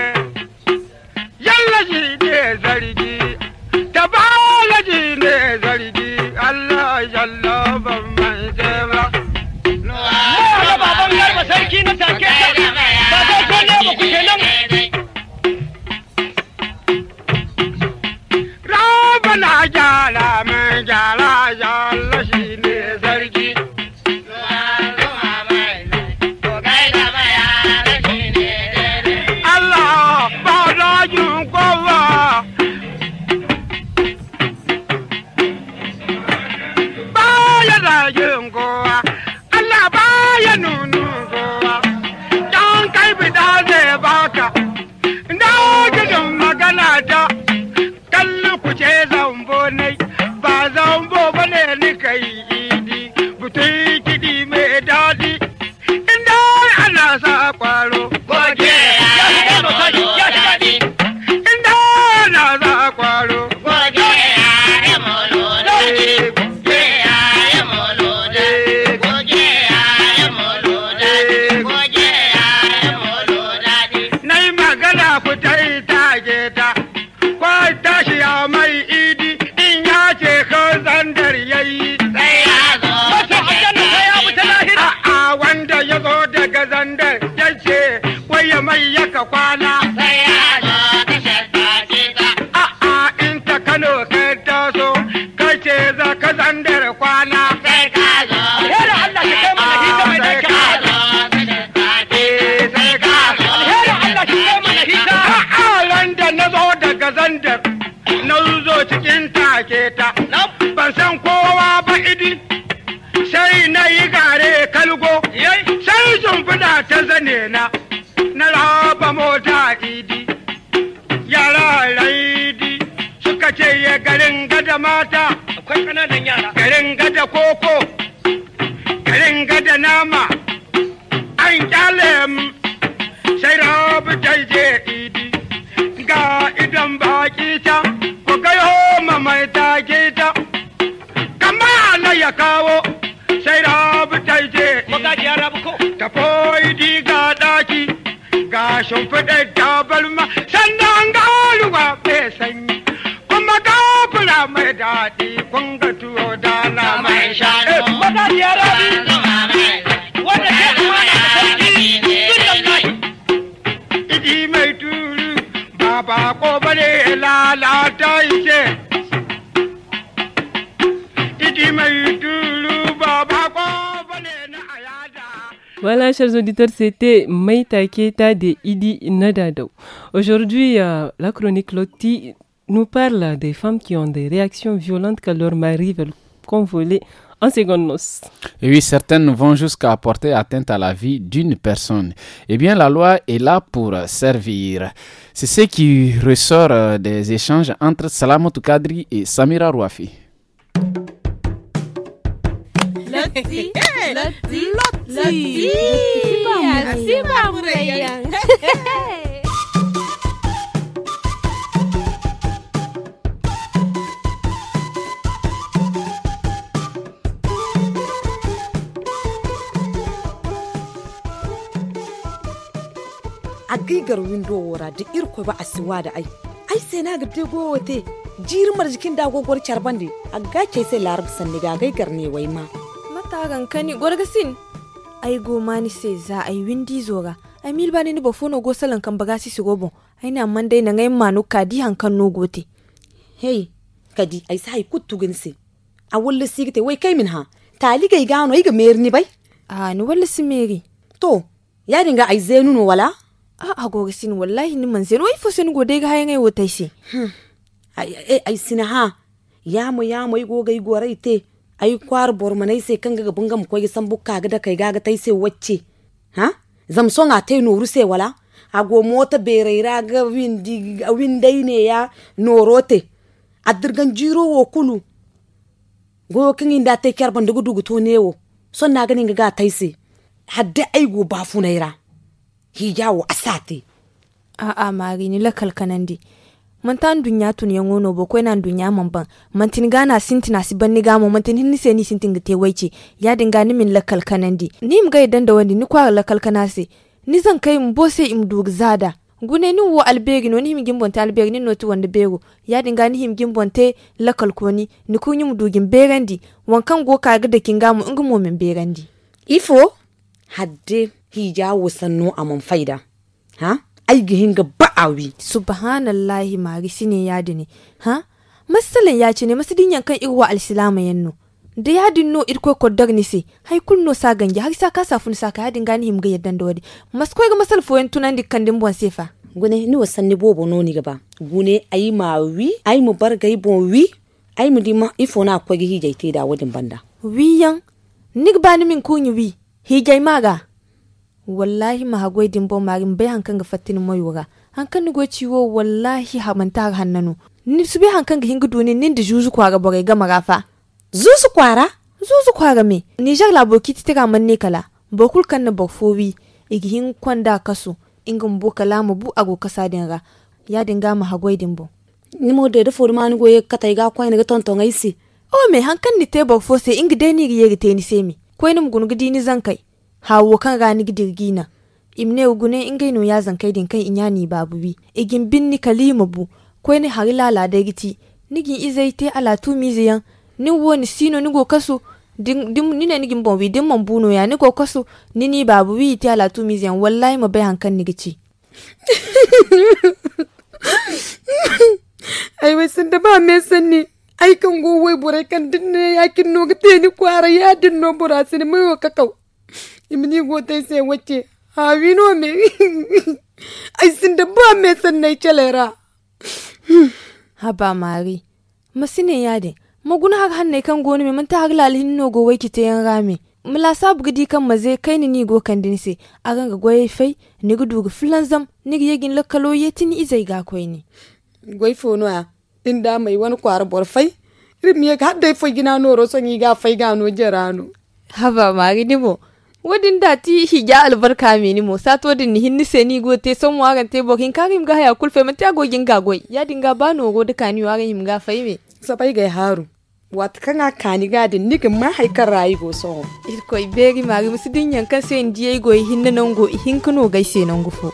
S15: ke, wai ya mai yaka kwana ne na na raba mota idi yara raidi suka ce ya garin gada mata akwai ƙananan yara garin gada koko shimfiɗa tabarma sannan ga ruwa mai sanyi kuma ga fura mai daɗi kun ga tuwo da na mai eh, shanu. Madariyar rabi. Idi mai turu ba bako bane lalata
S2: Voilà, chers auditeurs, c'était Maïta Keta de Idi Nadado. Aujourd'hui, euh, la chronique Loti nous parle des femmes qui ont des réactions violentes quand leurs maris veulent convoler en seconde noce.
S1: Et oui, certaines vont jusqu'à porter atteinte à la vie d'une personne. Eh bien, la loi est là pour servir. C'est ce qui ressort euh, des échanges entre Salamotou Kadri et Samira Rouafi.
S16: a Lotzi. Lotzi. Así vamos, a
S12: agigar windo wora da irko ba a siwa da ai ai sai ga gade gowote jirin marjikin
S7: dagogwar carbande
S12: a ga gake sai larabsan ga gagai garne wai ma
S7: tagan kani gorgasin ai goma mani sai za a yi windi zora ai mil ba ni fono go salan kan bagasi sigo bon ai na man dai na ngai manu kadi hankan no gote hey kadi ai sai kuttu ginsin a walla sigite wai kai min ha tali gai gano ai ga ni bai a ni walla si meri to ya dinga ai zenu no wala a a go gisin wallahi ni man zenu wai fo sen go dai ga hayan ngai wotai si hmm. ai ai sina ha yamo yamo ai go gai gorai te ai kwar bor manai sai kanga ga bungam ko san
S12: bukka ga da kai ga ga tai wacce ha zamso a tai noru sai wala go mota bereira ga windi windai ne ya norote dirgan jiro wo kulu go kin inda tai kyar ban dugu dugu to ne wo son na
S7: ganin ga tai se hadda ai go ba funaira hijawo asate a'a mari ni lakal kanandi mantan dunya tun yan ngono bo koy nan dunya man ban mantin gana sinti na siban ni gamo mantin hinni se ni sintin gite waice ya dinga ni min lakal kanandi ni im ga idan da wani ni kwa lakal kanase ni zan kai mbose bo se im dug zada gune ni wo albegi no ni him gimbonte albegi ni noti wanda bego ya dinga ni him gimbonte lakal koni ni kunyi mu dugin berandi wankan go ka ga da kingamu ingu mo min berandi ifo hadde hija wasanno amon faida ha aigihin ga ba'awi subhanallah mari ne yadi ne ha masalan ya ce ne dinyan kan irwa alsilama yanno da yadin no irko kodar ni se hay no sa gange har sa ka safun sa ka yadin gani himga yaddan da wadi masko ga masal foyen tunan dikkan din bon sefa gune ni wasan ni bobo
S12: no ni gaba gune ayi ma wi ayi mu bar gai bon wi ayi mu dima ifo na kwagi hijai te da wadin banda
S7: yan, nik ba ni min kunyi wi hijai maga wallahi ma hagoi dimbo marin bai hankan ga fattin mai wura hankan ni goci wo wallahi ha manta har hannanu ni su bai hankan ga hinga doni nin da juzu kwara bare ga marafa zuzu kwara zuzu kwara me ni jar la bokiti tira manne kala bokul kan na bofowi igi hin kwanda kasu ingin bo kala mu bu ago kasa dinga ya dinga ma hagoi dimbo ni mo de da ma ni goye katai ga kwai ni ga tonton aisi o oh me hankan ni te bofo se ingi dai ni ga yegi te ni se mi ni mugun gidi ni zan kai hawo kan ranig na imne ugune ya yazan kaidin kan inyani bi igin binni kalima bu ni hari lala giti nigin te ala miziyan ni woni sino go kaso dim ne nigin bi dim man buno ya nigo kaso babu babubi te ala miziyan wallahi ma bai hankan nigici ai wai sun da ba me sanni
S12: ai kan go wai burai kan dinne yakin no gate ni kwara ya dinno burasini mai wa kakau imini gote se wacce hawino me ai
S7: sin da ba me sannai celera haba mari masine yade maguna har hannai kan goni me manta har lalihin no go wai kite yan rami mula sabu gidi kan maze kai ni ni go kan dinse a ganga goye fai ni gudu ga fulan zam ni yegin lakalo yetini izai ga koi ni goy fono a din da mai wani kwar bor fai rim ye ga dai fai gina no ro son yi ga fai gano no jerano haba mari ni bo wadin da ti higa albarka meni mo to din ni hinni ni go te son waran te bokin karim ga ya kulfe mata ta gogin ga goy ya dinga no go duka ni him ga fai me sabai ga haru wat kanga kani ga din nigin ma haikar rayi go so ir koy beri mari musidin yankan se ndiye go hinna nan go hin kuno gaise nan fo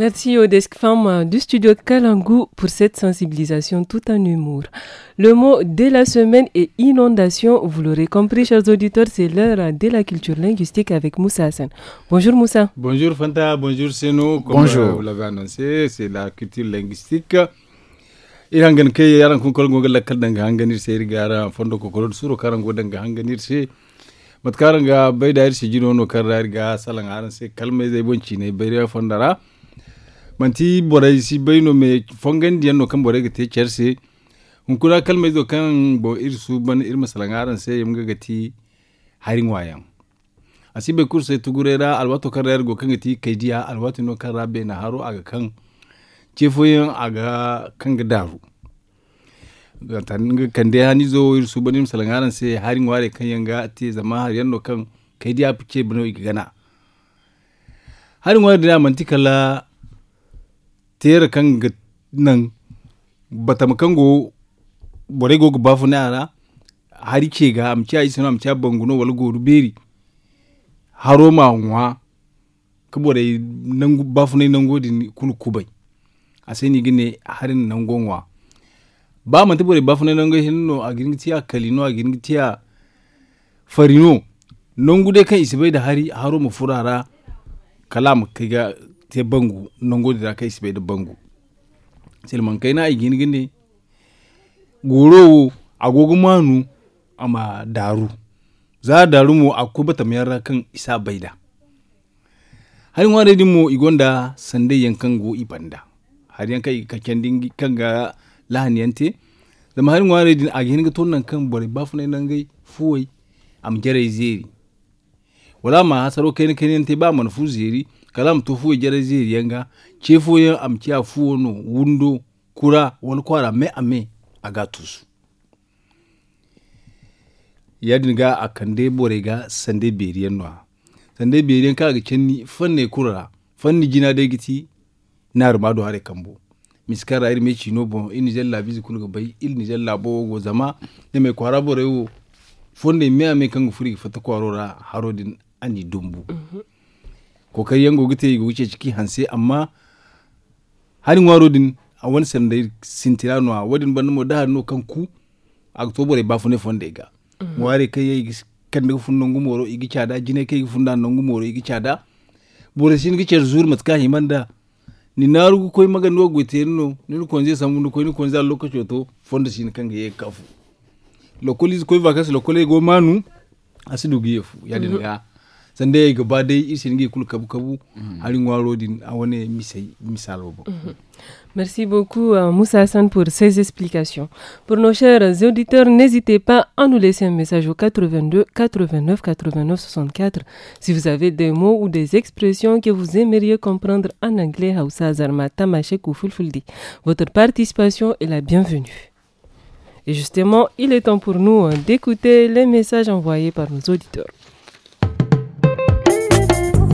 S2: Merci aux Desk Femmes du studio Kalangu pour cette sensibilisation tout en humour. Le mot de la semaine est inondation. Vous l'aurez compris, chers auditeurs, c'est l'heure de la culture linguistique avec Moussa Hassan. Bonjour Moussa.
S9: Bonjour Fanta, bonjour Seno. Comme euh, vous l'avez annoncé, c'est la culture linguistique. Il irangan ke yaran kun kol gogol lakkal danga de se irgara fondo ko a un peu de temps, il se a un peu de temps, il jino no un peu de temps, se y a un peu de temps. manti borai si bayno me fongen diyan no kan borai ga te cerse hun kalma do kan bo ir su ban ir masalangaran se yim ga gati harin wayan asibe kurse tugurera alwato karer go kan gati kai diya alwato no kan rabbe na haro aga kan cefoyin aga kan ga daru tan kan de hani zo ir su ban ir masalangaran se harin ware kan yanga te zama har yanno kan kai diya fice bano igana harin ware da mantikala tera kan ga nan batam kan go bore go ga bafu na ara hari ke ga amci ai sino amci banguno wal go beri haro ma nwa ka bore nan bafu ne nan godi kunu kubai a sai ni gine harin nan gonwa ba mu ta bore bafu ne nan go no a gingitiya kalino a gingitiya farino nan gude kan isibai da hari haro mu furara kalam kiga te bangu nongo da kai sibe da bangu silman kai na igin gine gorowo agogo manu ama daru za daru mu akwai bata mayar kan isa baida har yin wadadin mu igonda sande yankan go ibanda har yankan kakken dingi kan ga lahaniyante zama har yin wadadin a gini ga tonan kan bari bafu na nan gai fuwai am jere zeri wala ma hasaro kai na kai ne ba manufu zeri kalam to fu jere ziri yenga ce fu yen am ci fu no wundo kura wal kwara me ame agatus tusu yadin ga akande bore ga sande beriyen no sande beriyen ka ga kenni fanne kura fanni jina de giti na rumado hare kambo miskara ir me chino bon in jella kun ga bai il ni jella bo go zama ne me kwara bore wo fonde me ame kan furi fata kwarora harodin ani dumbu mm -hmm. kokari yango gite yi wuce ciki hanse amma harin warodin a wani sanda sintira nuwa wadin ban mo da no kan ku a october ba fune fonde ga mm. ware kai yayi kan da fun nongu moro igi chada jine kai fun da nongu moro igi chada bore sin gice cer zur matka himanda ni naru koi magan no gwete no ni ko nje samu no koy ni ko nje lokacho to fonde sin kan ga kafu lokoli koy vakas lokole go manu asidu giyefu yadin mhm. ga mm -hmm. Mhm. Mhm.
S2: Merci beaucoup à euh, Moussa Hassan pour ces explications. Pour nos chers auditeurs, n'hésitez pas à nous laisser un message au 82 89 89 64 si vous avez des mots ou des expressions que vous aimeriez comprendre en anglais, Hausa, Votre participation est la bienvenue. Et justement, il est temps pour nous euh, d'écouter les messages envoyés par nos auditeurs.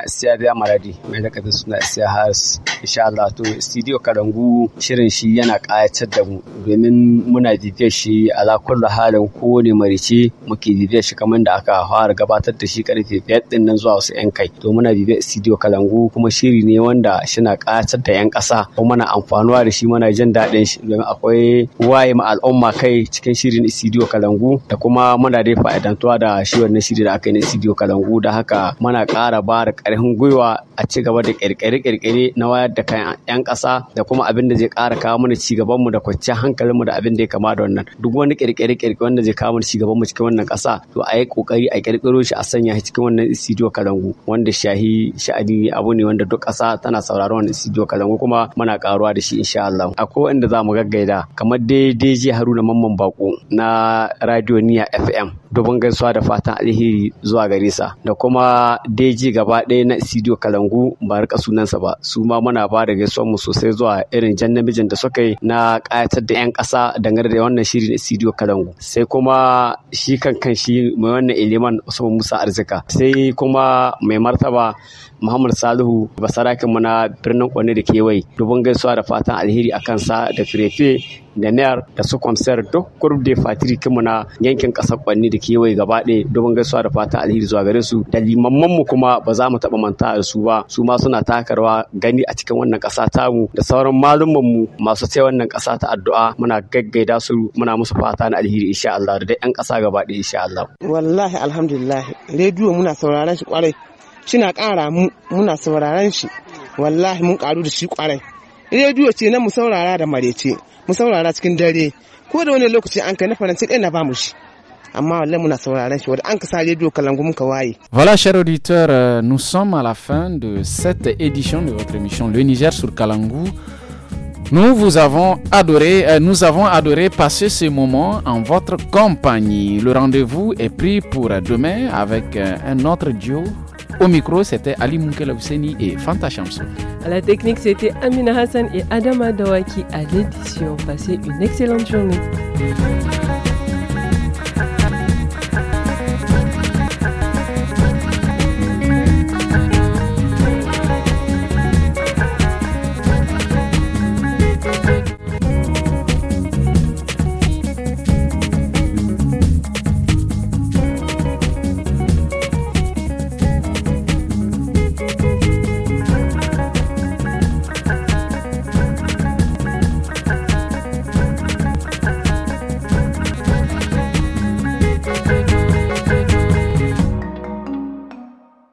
S14: sunana Isiya Biya Maradi mai da suna Isiya Haris insha Allah to studio Karangu shirin shi yana ƙayatar da mu domin muna bibiyar shi ala da halin kowane marice muke bibiyar shi kamar da aka fara gabatar da shi karfe 5 din nan zuwa wasu 'yan kai to muna bibiyar studio Kalangu kuma shiri ne wanda shina ƙayatar da 'yan ƙasa kuma muna amfanuwa da shi muna jin daɗin shi domin akwai waye ma al'umma kai cikin shirin studio Kalangu da kuma muna dai fa'idantuwa da shi wannan shiri da aka yi na studio Kalangu da haka muna ƙara ba da ƙarfin gwiwa a ci gaba da ƙirƙire-ƙirƙire na wayar da kan 'yan ƙasa da kuma abin da zai ƙara kawo mana ci gabanmu da kwanciyar hankalinmu da abin da ya kama da wannan duk wani ƙirƙire-ƙirƙire wanda zai kawo mana ci gabanmu cikin wannan ƙasa to a yi kokari a ƙirƙiro shi a sanya shi cikin wannan studio kalangu wanda shahi sha'ani abu ne wanda duk ƙasa tana sauraron wannan studio kalangu kuma muna ƙaruwa da shi insha Allah akwai wanda za mu gaggaida kamar daidai ji Haruna Mamman Bako na Radio Niya FM dubin gaisuwa da fatan alheri zuwa garisa da kuma daiji gaba ɗaya na studio kalangu ba rika sunansa ba su ma muna ba da gaisuwar mu sosai zuwa irin jan namijin da suka yi na kayatar da 'yan ƙasa dangane da wannan shiri na studio kalangu sai kuma shi kan kan shi mai wannan iliman usman musa arzika sai kuma mai martaba muhammad salihu basarakin mu na birnin kwane da kewaye dubin gaisuwa da fatan alheri a kansa da firefe da nayar da su kwamsar duk group de fatiri kimu na yankin kasar kwanni da kewaye gaba ɗaya domin gaisuwa da fata alheri zuwa gare su da limamman mu kuma ba za mu taɓa manta da su ba su ma suna takarwa gani a cikin wannan ƙasa tamu da sauran malumman mu masu sai wannan ƙasa ta addu'a muna gaggaida su muna musu fata na alheri insha Allah da dai ƴan ƙasa gaba ɗaya insha Allah
S8: wallahi alhamdulillah rediyo muna sauraron shi kwarai shina ƙara mu muna sauraron shi wallahi mun ƙaru da shi kwarai rediyo ce na mu saurara da marece Voilà,
S1: chers auditeurs, euh, nous sommes à la fin de cette édition de votre émission Le Niger sur Kalangu. Nous vous avons adoré, euh, nous avons adoré passer ce moment en votre compagnie. Le rendez-vous est pris pour demain avec euh, un autre duo au micro, c'était Ali Moukela et Fanta Chamsou.
S2: À la technique, c'était Amina Hassan et Adama qui, à l'édition. Passez une excellente journée.